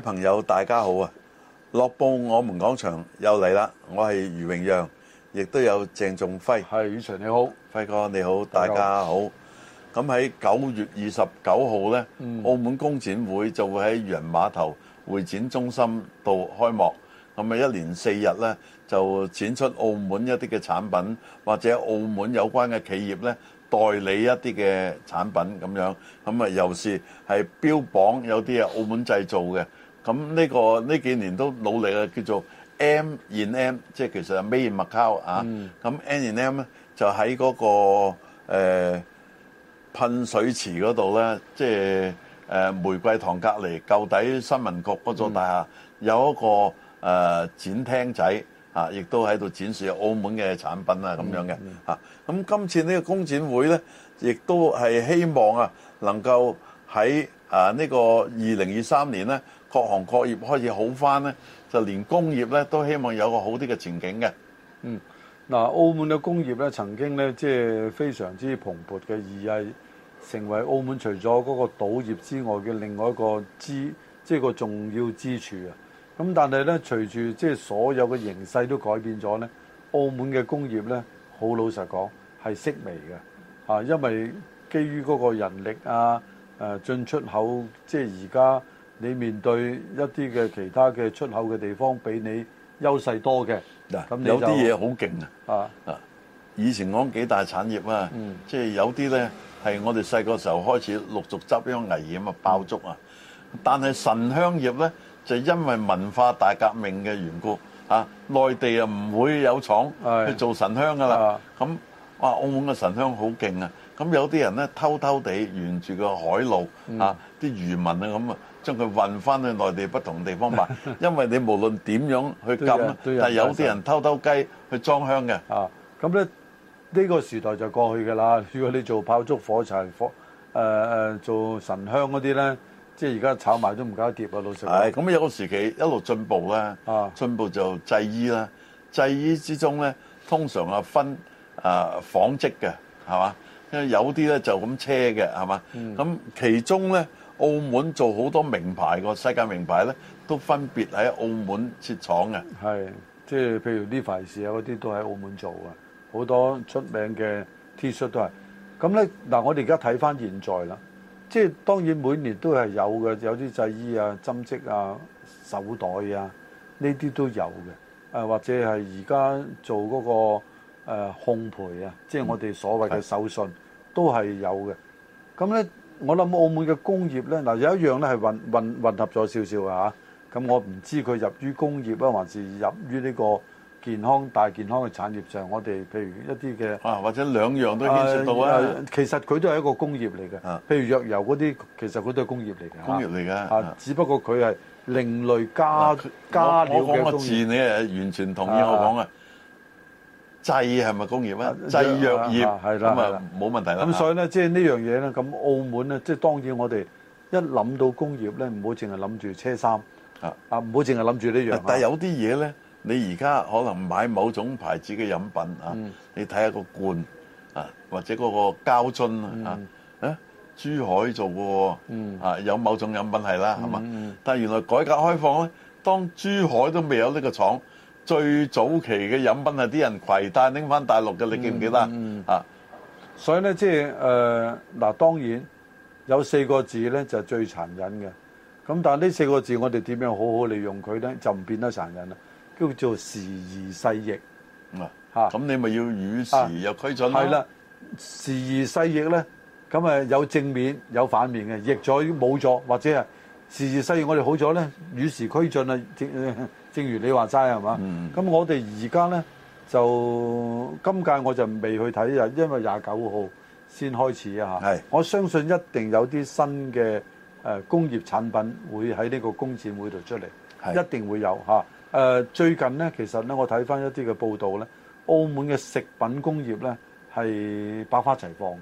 朋友，大家好啊！樂報我們講場又嚟啦，我係余榮讓，亦都有鄭仲輝。係，宇翔你好，輝哥你好，大家好。咁喺九月二十九號呢、嗯，澳門工展會就會喺漁人碼頭會展中心度開幕。咁啊，一連四日呢，就展出澳門一啲嘅產品，或者澳門有關嘅企業呢，代理一啲嘅產品咁樣。咁啊，又是係標榜有啲啊澳門製造嘅。咁、這、呢個呢幾年都努力啊，叫做 M in M，即係其實係 Made in Macau 啊。咁 M in M 咧就喺嗰、那個誒噴、呃、水池嗰度咧，即係誒、呃、玫瑰堂隔離舊底新聞局嗰座大廈、嗯、有一個誒、呃、展廳仔啊，亦都喺度展示澳門嘅產品、嗯嗯、啊，咁樣嘅。咁今次呢個工展會咧，亦都係希望啊，能夠喺啊呢個二零二三年咧。各行各業開始好翻，呢就連工業呢都希望有個好啲嘅前景嘅。嗯，嗱，澳門嘅工業呢曾經呢，即係非常之蓬勃嘅，而係成為澳門除咗嗰個賭業之外嘅另外一個之即係個重要支柱啊。咁但係呢，隨住即係所有嘅形勢都改變咗呢，澳門嘅工業呢，好老實講係式微嘅啊，因為基於嗰個人力啊，誒進出口即係而家，就是你面對一啲嘅其他嘅出口嘅地方，比你優勢多嘅嗱，有啲嘢好勁啊！啊啊！以前講幾大產業啊，即係有啲咧係我哋細個時候開始陸續執香危險啊爆竹啊，但係神香業咧就因為文化大革命嘅緣故啊，內地啊唔會有廠去做神香噶啦。咁哇，澳門嘅神香好勁啊！咁有啲人咧偷偷地沿住個海路啊，啲漁民啊咁啊～將佢運翻去內地不同地方賣，因為你無論點樣去撳，但係有啲人偷偷雞去裝香嘅。啊，咁咧呢個時代就過去㗎啦。如果你做炮竹火柴火，誒誒做神香嗰啲咧，即係而家炒賣都唔搞得掂啊，老實。係咁有個時期一路進步咧，啊，進步就製衣啦。製衣之中咧，通常啊分啊紡織嘅係嘛，因為有啲咧就咁車嘅係嘛，咁其中咧。澳門做好多名牌，個世界名牌咧，都分別喺澳門設廠嘅。係，即係譬如呢維士啊嗰啲都喺澳門做啊，好多出名嘅 T 恤都係。咁咧嗱，我哋而家睇翻現在啦，即係當然每年都係有嘅，有啲製衣啊、針織啊、手袋啊，呢啲都有嘅。誒、啊、或者係而家做嗰、嗰個烘焙、呃、啊，即係我哋所謂嘅手信都係有嘅。咁咧。我諗澳門嘅工業咧，嗱，有一樣咧係混混混合咗少少嘅嚇，咁我唔知佢入於工業啊，還是入於呢個健康大健康嘅產業上。我哋譬如一啲嘅啊，或者兩樣都牽涉到啊。其實佢都係一個工業嚟嘅，譬如藥油嗰啲，其實佢都係工業嚟嘅。工業嚟嘅，啊，只不過佢係另類加、啊、加料嘅工業。我講一次，你係完全同意我講啊。製係咪工業啊？製藥業係啦，咁啊冇問題啦。咁所以咧，即係呢樣嘢咧，咁澳門咧，即係當然我哋一諗到工業咧，唔好淨係諗住車衫啊，啊唔好淨係諗住呢樣。但係有啲嘢咧，你而家可能買某種牌子嘅飲品啊、嗯，你睇下個罐啊，或者嗰個膠樽、嗯、啊，誒，珠海做嘅喎、嗯，啊有某種飲品係啦，係嘛、嗯？但係原來改革開放咧，當珠海都未有呢個廠。最早期嘅飲品係啲人攜帶拎翻大陸嘅，你記唔記得、嗯嗯、啊？所以咧，即係誒嗱，當然有四個字咧就是、最殘忍嘅。咁但係呢四個字，我哋點樣好好利用佢咧，就唔變得殘忍啦。叫做時移世易啊！嚇、啊、咁你咪要與時又俱進啦。啦、啊，時移世易咧，咁誒有正面有反面嘅易咗冇咗，或者係時移世易我哋好咗咧，與時俱進啊！呃正如你話齋係嘛？咁、嗯、我哋而家呢，就今屆我就未去睇啊，因為廿九號先開始啊嚇。我相信一定有啲新嘅工業產品會喺呢個工展會度出嚟，一定會有嚇。誒、啊、最近呢，其實呢，我睇翻一啲嘅報道呢，澳門嘅食品工業呢係百花齊放。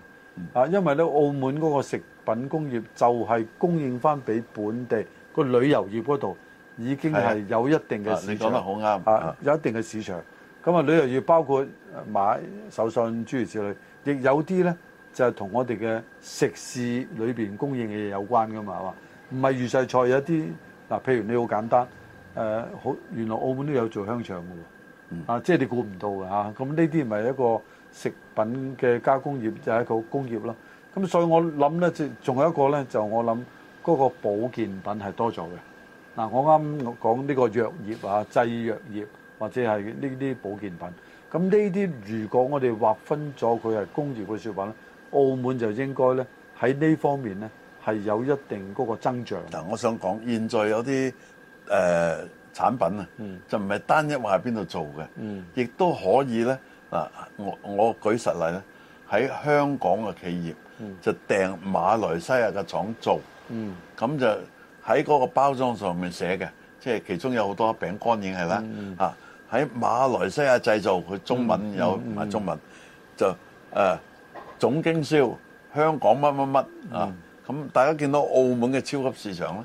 啊、嗯，因為呢，澳門嗰個食品工業就係供應翻俾本地個旅遊業嗰度。已經係有一定嘅市，你講得好啱啊！有一定嘅市場，咁啊旅遊業包括買手信諸如此類，亦有啲咧就係同我哋嘅食肆裏邊供應嘅嘢有關噶嘛，係嘛？唔係預製菜有一啲嗱，譬如你好簡單誒，好原來澳門都有做香腸嘅喎，啊，即係你估唔到㗎嚇。咁呢啲咪一個食品嘅加工業就係一個工業咯。咁所以我諗咧，即係仲有一個咧，就我諗嗰個保健品係多咗嘅。嗱，我啱講呢個藥業啊，製藥業或者係呢啲保健品，咁呢啲如果我哋劃分咗佢係工業嘅商品咧，澳門就應該咧喺呢方面咧係有一定嗰個增長。嗱，我想講，現在有啲誒、呃、產品啊、嗯，就唔係單一話喺邊度做嘅，亦、嗯、都可以咧嗱，我我舉實例咧，喺香港嘅企業、嗯、就訂馬來西亞嘅廠做，咁、嗯、就。喺嗰個包裝上面寫嘅，即係其中有好多餅乾已經係啦，啊、嗯、喺馬來西亞製造，佢中文有唔、嗯嗯、中文，就誒、呃、總經銷香港乜乜乜啊，咁大家見到澳門嘅超級市場咧，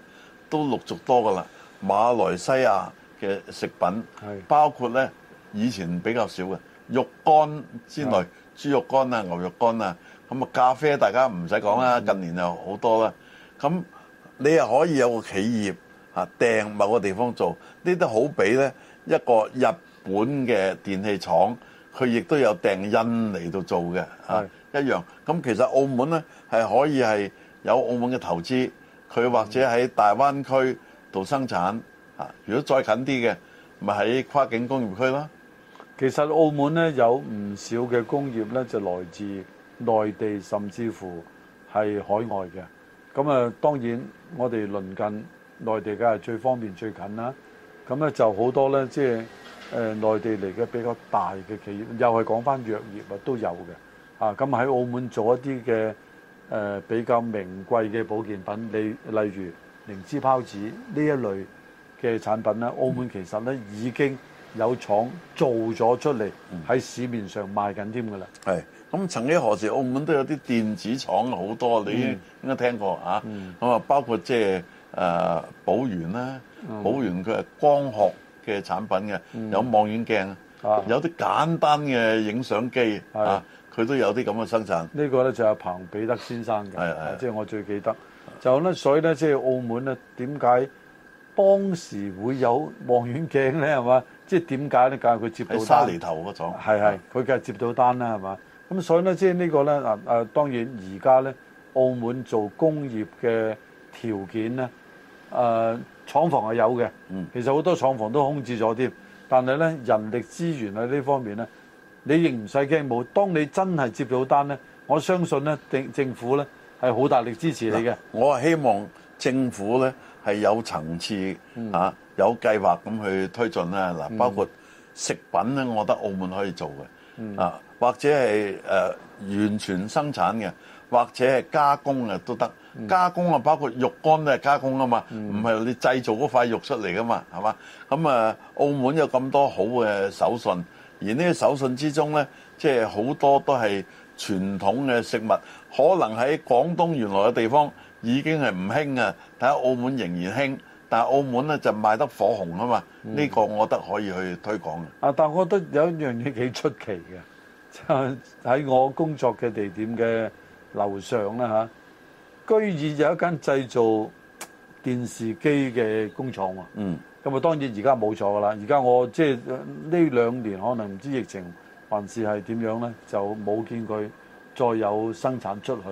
都陸續多㗎啦，馬來西亞嘅食品，包括咧以前比較少嘅肉乾之類，豬肉乾啊、牛肉乾啊，咁啊咖啡，大家唔使講啦，近年又好多啦，咁。你又可以有個企業啊訂某個地方做，呢啲都好比呢一個日本嘅電器廠，佢亦都有訂印嚟到做嘅係一樣。咁其實澳門呢係可以係有澳門嘅投資，佢或者喺大灣區度生產啊。如果再近啲嘅，咪喺跨境工業區啦。其實澳門呢有唔少嘅工業呢就來自內地，甚至乎係海外嘅。咁啊，當然我哋鄰近內地梗係最方便最近啦。咁咧就好多咧，即係誒內地嚟嘅比較大嘅企業，又係講翻藥業啊都有嘅。啊，咁喺澳門做一啲嘅誒比較名貴嘅保健品，你例如靈芝孢子呢一類嘅產品咧，澳門其實咧已經、嗯。嗯有廠做咗出嚟喺市面上賣緊添㗎啦。係咁，曾經何時澳門都有啲電子廠好多，你應該聽過啊？咁啊，包括即係誒寶源啦，寶源佢係光學嘅產品嘅，有望遠鏡，有啲簡單嘅影相機啊，佢都有啲咁嘅生產。呢個咧就係彭彼得先生嘅，即係我最記得。就咧，所以咧，即係澳門咧，點解？當時會有望遠鏡呢係嘛？即係點解呢？因為佢接到喺沙梨頭嗰種係係，佢梗係接到單啦，係嘛？咁所以呢，即係呢個呢，嗱、呃、誒，當然而家呢，澳門做工業嘅條件呢，誒、呃、廠房係有嘅，其實好多廠房都空置咗添。但係呢，人力資源喺呢方面呢，你亦唔使驚冇。當你真係接到單呢，我相信呢，政政府呢係好大力支持你嘅。我係希望政府呢。係有層次、嗯啊、有計劃咁去推進啦。嗱，包括食品咧、嗯，我覺得澳門可以做嘅、嗯、啊，或者係、呃、完全生產嘅、嗯，或者係加工嘅都得。加工啊，包括肉乾都係加工啊嘛，唔、嗯、係你製造嗰塊肉出嚟㗎嘛，係嘛？咁、嗯、啊，澳門有咁多好嘅手信，而呢啲手信之中咧，即係好多都係傳統嘅食物，可能喺廣東原來嘅地方。已經係唔興啊！但係澳門仍然興，但係澳門咧就賣得火紅啊嘛。呢個我覺得可以去推廣啊。但係我覺得有一樣嘢幾出奇嘅，就喺我工作嘅地點嘅樓上啦嚇，居然有一間製造電視機嘅工廠喎。嗯，咁啊，當然而家冇錯噶啦。而家我即係呢兩年可能唔知疫情還是係點樣咧，就冇見佢再有生產出去。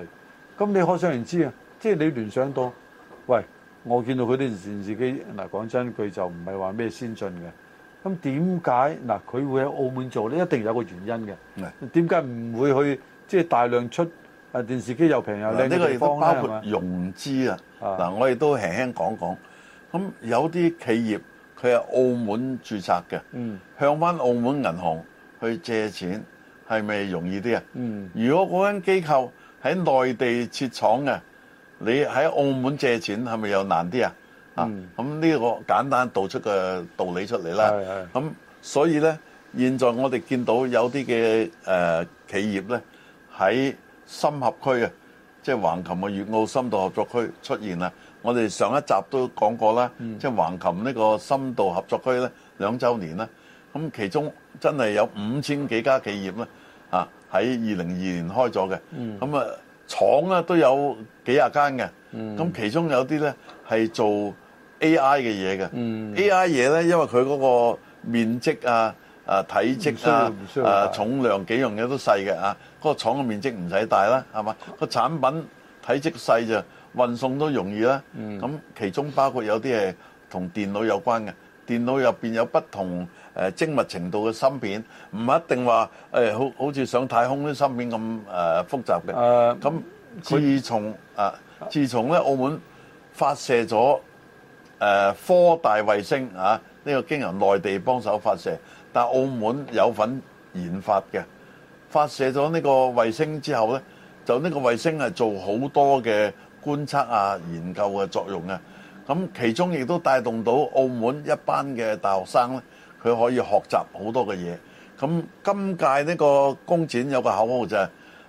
咁你可想而知啊？即係你聯想到，喂，我見到佢啲電視機，嗱講真句就唔係話咩先進嘅。咁點解嗱佢會喺澳門做呢？一定有一個原因嘅。點解唔會去？即係大量出啊電視機又平又靚個地方呢，這個，包括融資啊！嗱，我亦都輕輕講講。咁有啲企業佢係澳門註冊嘅，嗯、向翻澳門銀行去借錢係咪容易啲啊？嗯、如果嗰間機構喺內地設廠嘅？你喺澳門借錢係咪又難啲啊？啊、嗯，咁呢個簡單道出個道理出嚟啦、嗯。咁所以呢，現在我哋見到有啲嘅企業呢，喺深合區即、啊、係橫琴嘅粵澳深度合作區出現啦。我哋上一集都講過啦，即係橫琴呢個深度合作區呢，兩週年啦。咁其中真係有五千幾家企業呢，啊喺二零二年開咗嘅、嗯。咁啊～廠咧都有幾廿間嘅，咁、嗯、其中有啲咧係做 A.I. 嘅嘢嘅 A.I. 嘢咧，因為佢嗰個面積啊、啊體積啊、啊重量幾樣嘢都細嘅啊，嗰、個廠嘅面積唔使大啦，係嘛，個產品體積細就運送都容易啦。咁、嗯、其中包括有啲係同電腦有關嘅電腦入邊有不同。誒精密程度嘅芯片唔一定話誒、哎、好好似上太空啲芯片咁誒複雜嘅。咁、uh, 自從啊，uh, 自從咧，澳門發射咗誒、uh, 科大衛星啊，呢、uh, 個經由內地幫手發射，但澳門有份研發嘅發射咗呢個衛星之後咧，就呢個衛星係做好多嘅觀測啊、研究嘅作用嘅。咁其中亦都帶動到澳門一班嘅大學生咧。佢可以學習好多嘅嘢。咁今屆呢個工展有個口號就係，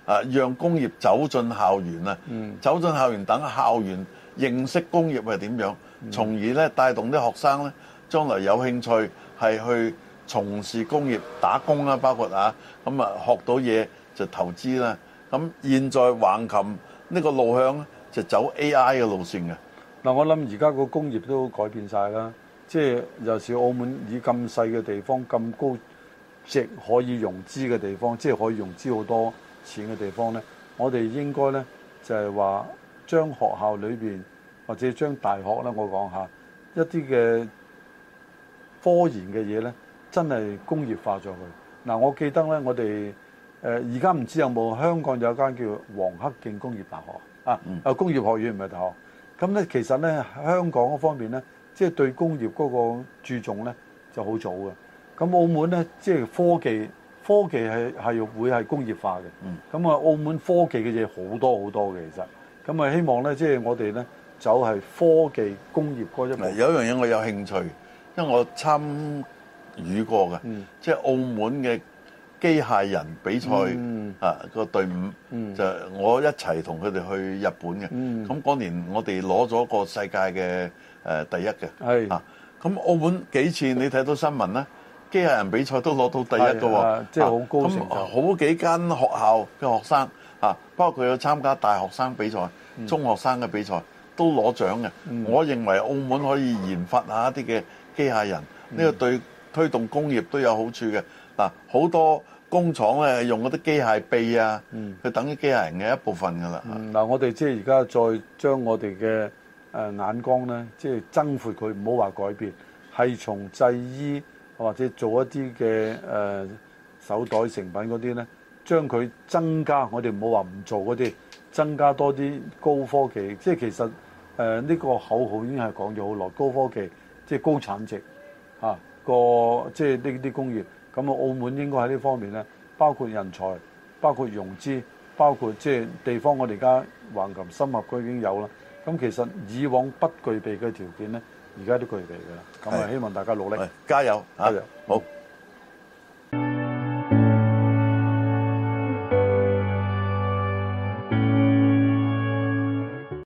啊，讓工業走進校園啊，嗯，走進校園，等校園認識工業係點樣，從而咧帶動啲學生咧，將來有興趣係去從事工業打工啊，包括啊，咁啊學到嘢就投資啦。咁現在橫琴呢個路向咧就走 AI 嘅路線嘅。嗱，我諗而家個工業都改變曬啦。即係尤其係澳門以咁細嘅地方咁高值可以融資嘅地方，即係可以融資好多錢嘅地方呢，我哋應該呢，就係話將學校裏邊或者將大學呢，我講下一啲嘅科研嘅嘢呢，真係工業化咗佢。嗱、啊，我記得呢，我哋誒而家唔知有冇香港有間叫黃克競工業大學啊，啊、嗯、工業學院唔係大學。咁呢，其實呢，香港嗰方面呢。即係對工業嗰個注重咧，就好早嘅。咁澳門咧，即係科技，科技係係會係工業化嘅。咁啊，澳門科技嘅嘢好多好多嘅，其實。咁啊，希望咧，即係我哋咧走係科技工業嗰一面。有一樣嘢我有興趣，因為我參與過嘅，即係澳門嘅。機械人比賽啊個隊伍，嗯嗯、就我一齊同佢哋去日本嘅。咁、嗯、嗰年我哋攞咗個世界嘅誒第一嘅。係，咁、啊、澳門幾次你睇到新聞呢？機械人比賽都攞到第一㗎，即係好高、啊啊、好幾間學校嘅學生啊，包括佢有參加大學生比賽，嗯、中學生嘅比賽都攞獎嘅。我認為澳門可以研發下一啲嘅機械人，呢、嗯呢個對推動工業都有好處嘅。嗱、啊，好多。工廠咧用嗰啲機械臂啊，佢等於機械人嘅一部分噶啦、嗯。嗱，嗯、我哋即係而家再將我哋嘅誒眼光咧，即係增闊佢，唔好話改變，係從製衣或者做一啲嘅誒手袋成品嗰啲咧，將佢增加。我哋唔好話唔做嗰啲，增加多啲高科技。即係其實誒呢個口號已經係講咗好耐，高科技即係高產值啊，個即係呢啲工業。咁澳門應該喺呢方面呢，包括人才，包括融資，包括即係地方，我哋而家橫琴深合區已經有啦。咁其實以往不具備嘅條件呢，而家都具備嘅啦。咁啊，希望大家努力，加油，加油，好。